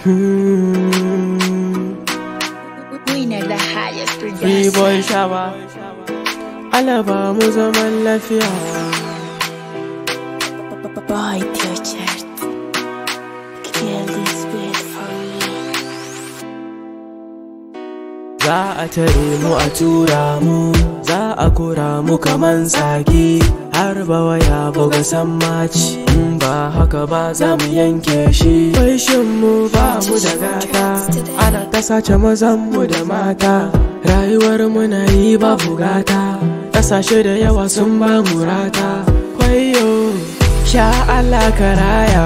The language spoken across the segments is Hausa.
Free hmm. boy Alaba mu zaman lafiya Boy Teacher Kill this for me Za a tare mu a tura mu Za a kura mu kaman sage harba ya buga sammaci in ba haka ba za mu yanke shi mu ba mu da gata ana ta sace mazan mu da mata rayuwar mu na yi ba bugata. kasashe da yawa sun ba mu rata kwayo sha Allah ka raya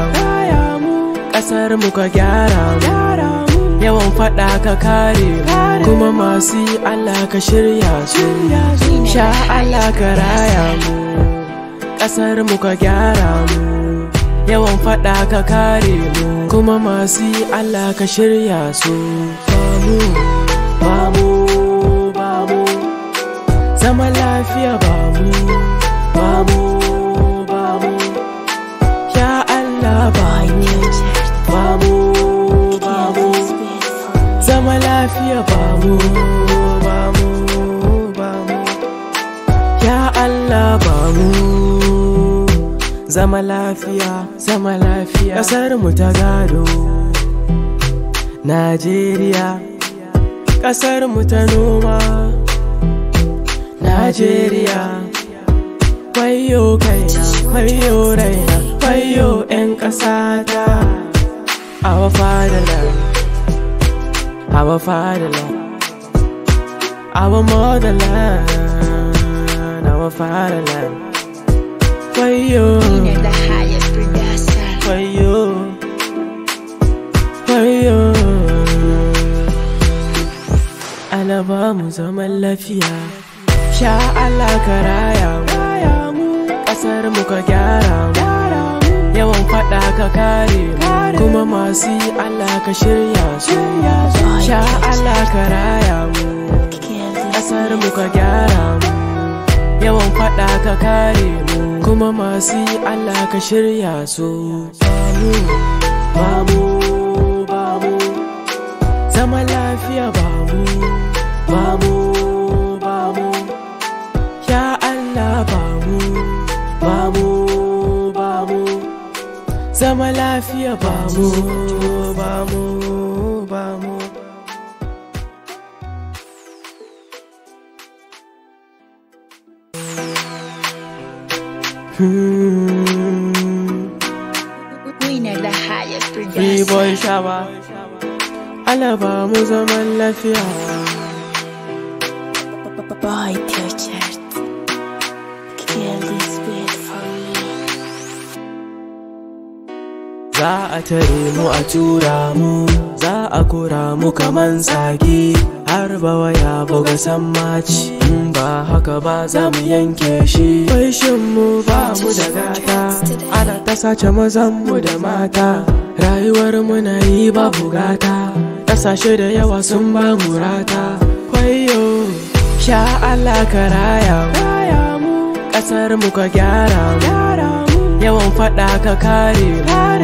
mu kasar mu ka gyara mu yawan fada ka kare kuma masu Allah ka shirya su sha Allah ka raya mu kasar mu ka gyara mu yawan faɗa ka kare mu kuma masu yi Allah ka shirya su bamu bamu bamu zama lafiya bamu bamu bamu ya Allah bamu bamu bamu zama lafiya bamu zama lafiya zama lafiya kasar mu ta gado Najeriya kasar mu ta noma Najeriya kwayo kaina kwayo raina kwayo yan kasata awa fadala awa fadala awa motherland awa fadala wayo wayo wayo ala ba mu zaman lafiya sha Allah karaya raya mu kasar mu ka gyara mu yawan faɗa ka kare mu kuma masu Allah ka shirya su sha Allah ka raya mu kasar mu ka gyara mu yawan faɗa ka kare mu kuma masu yi Allah ka shirya su babu babu zama lafiya babu babu babu ya Allah babu babu babu zama lafiya babu babu babu Free boy zaman lafiya Boy Kill this for me Za a tare mu a tura mu Za a kura mu kaman sage larabawa waya buga sammaci in ba haka ba za mu yanke shi shin mu ba mu da gata ana ta sace mazan mu da mata rayuwar mu na yi ba bugata. ƙasashe da yawa sun ba murata rata kwayo sha Allah ka raya mu kasar mu ka gyara mu yawan fada ka kare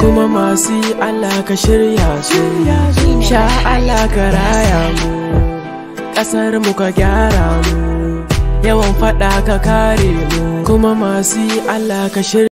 kuma masu Allah ka shirya su sha Allah ka raya mu ƙasar mu ka gyara mu yawan faɗa ka kare mu kuma masu yi Allah ka shirya